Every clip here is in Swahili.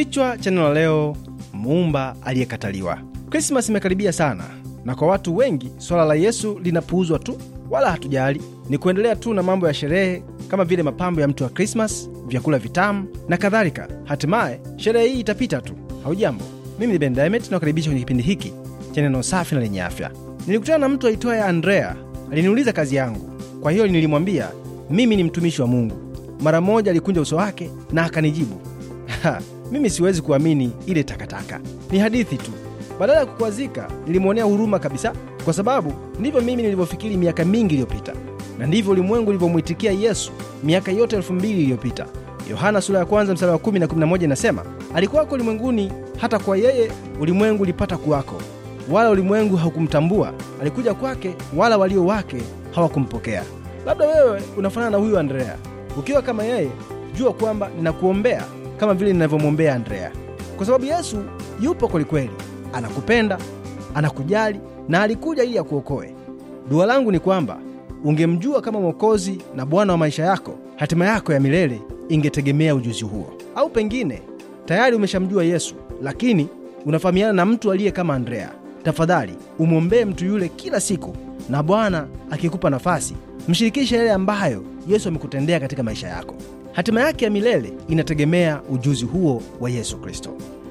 Kichwa cha neno leo, muumba aliyekataliwa. Krismasi imekaribia sana, na kwa watu wengi swala la Yesu linapuuzwa tu, wala hatujali. Ni kuendelea tu na mambo ya sherehe kama vile mapambo ya mtu wa Krismasi, vyakula vitamu na kadhalika. Hatimaye sherehe hii itapita tu. Haujambo, mimi ni bendamet nakaribisha kwenye kipindi hiki cha neno safi na lenye afya. Nilikutana na mtu aitwaye Andrea, aliniuliza kazi yangu, kwa hiyo nilimwambia mimi ni mtumishi wa Mungu. Mara moja alikunja uso wake na akanijibu Mimi siwezi kuamini ile takataka, ni hadithi tu. Badala ya kukwazika, nilimwonea huruma kabisa, kwa sababu ndivyo mimi nilivyofikiri miaka mingi iliyopita, na ndivyo ulimwengu ulivyomwitikia Yesu miaka yote elfu mbili iliyopita. Yohana sura ya kwanza mstari wa kumi na moja inasema, alikuwako ulimwenguni, hata kwa yeye ulimwengu ulipata kuwako, wala ulimwengu haukumtambua. Alikuja kwake, wala walio wake hawakumpokea. Labda wewe unafanana na huyu Andrea. Ukiwa kama yeye, jua kwamba ninakuombea kama vile ninavyomwombea Andrea, kwa sababu Yesu yupo kwelikweli, anakupenda, anakujali na alikuja ili akuokoe. Dua langu ni kwamba ungemjua kama Mwokozi na Bwana wa maisha yako. Hatima yako ya milele ingetegemea ujuzi huo. Au pengine tayari umeshamjua Yesu, lakini unafahamiana na mtu aliye kama Andrea. Tafadhali umwombee mtu yule kila siku, na Bwana akikupa nafasi, mshirikishe yale ambayo Yesu amekutendea katika maisha yako hatima yake ya milele inategemea ujuzi huo wa Yesu Kristo.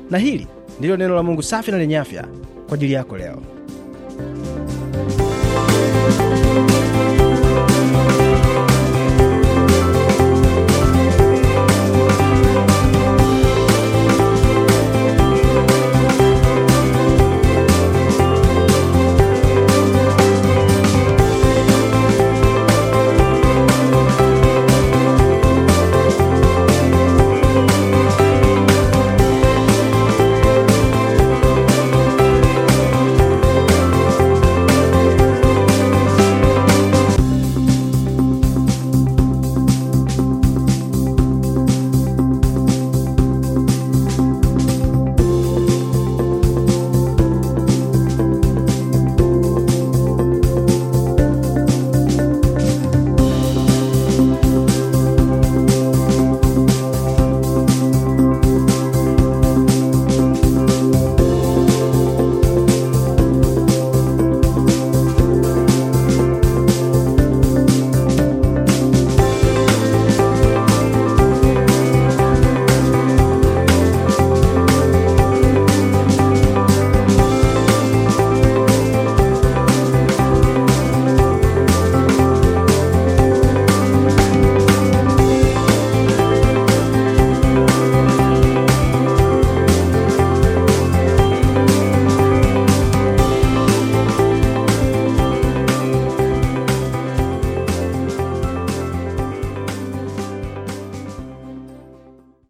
Na hili ndilo neno la Mungu safi na lenye afya kwa ajili yako leo.